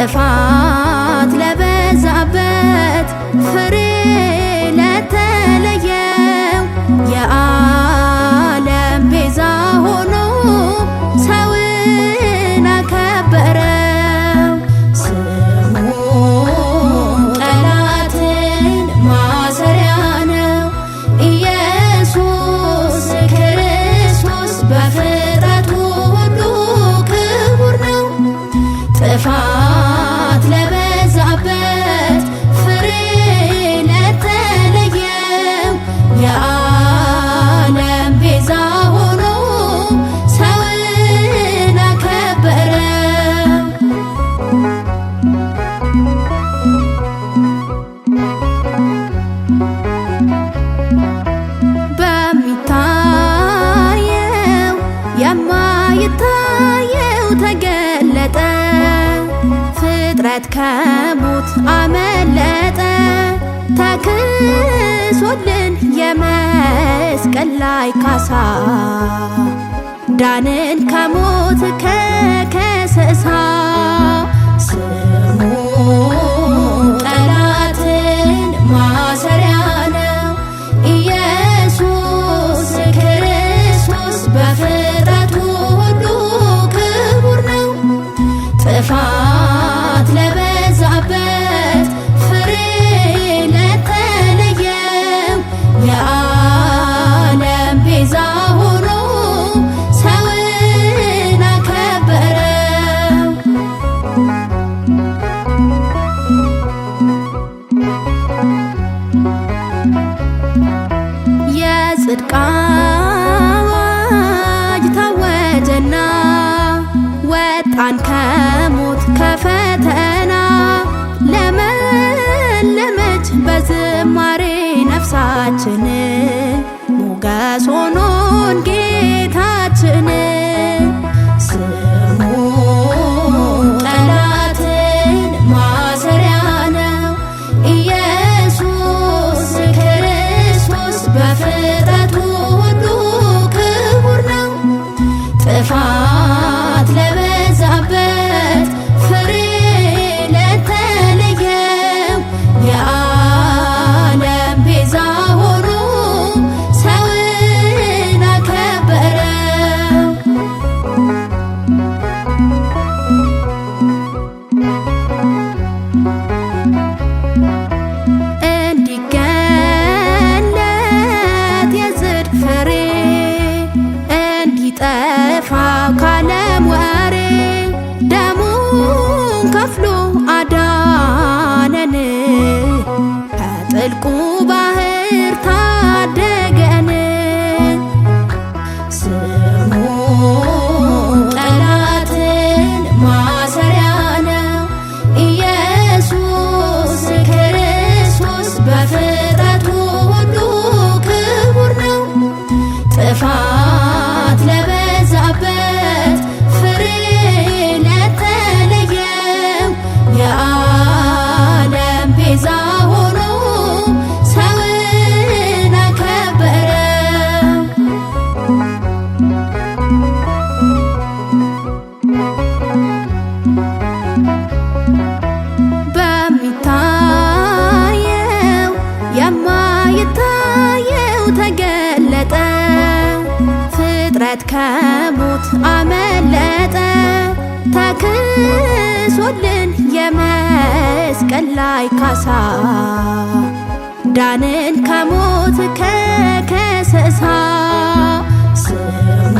ጥፋት ለበዛበት ፍሬ ለተለየው የዓለም ቤዛ ሆኖ ሰውን አከበረው። ስሙ ጠላትን ማሰሪያ ነው። ኢየሱስ ክርስቶስ በፍጥረቱ ሁሉ ክቡር ነው። ጥፋት ከቡት አመለጠ ተክሶልን የመስቀል ላይ ካሳ ዳንን ከሞት ከከሰሳ ጽድቃ ፍጥረት ከሞት አመለጠ ተክሶልን የመስቀል ላይ ካሳ ዳንን ከሞት ከከሰሳ ስሙ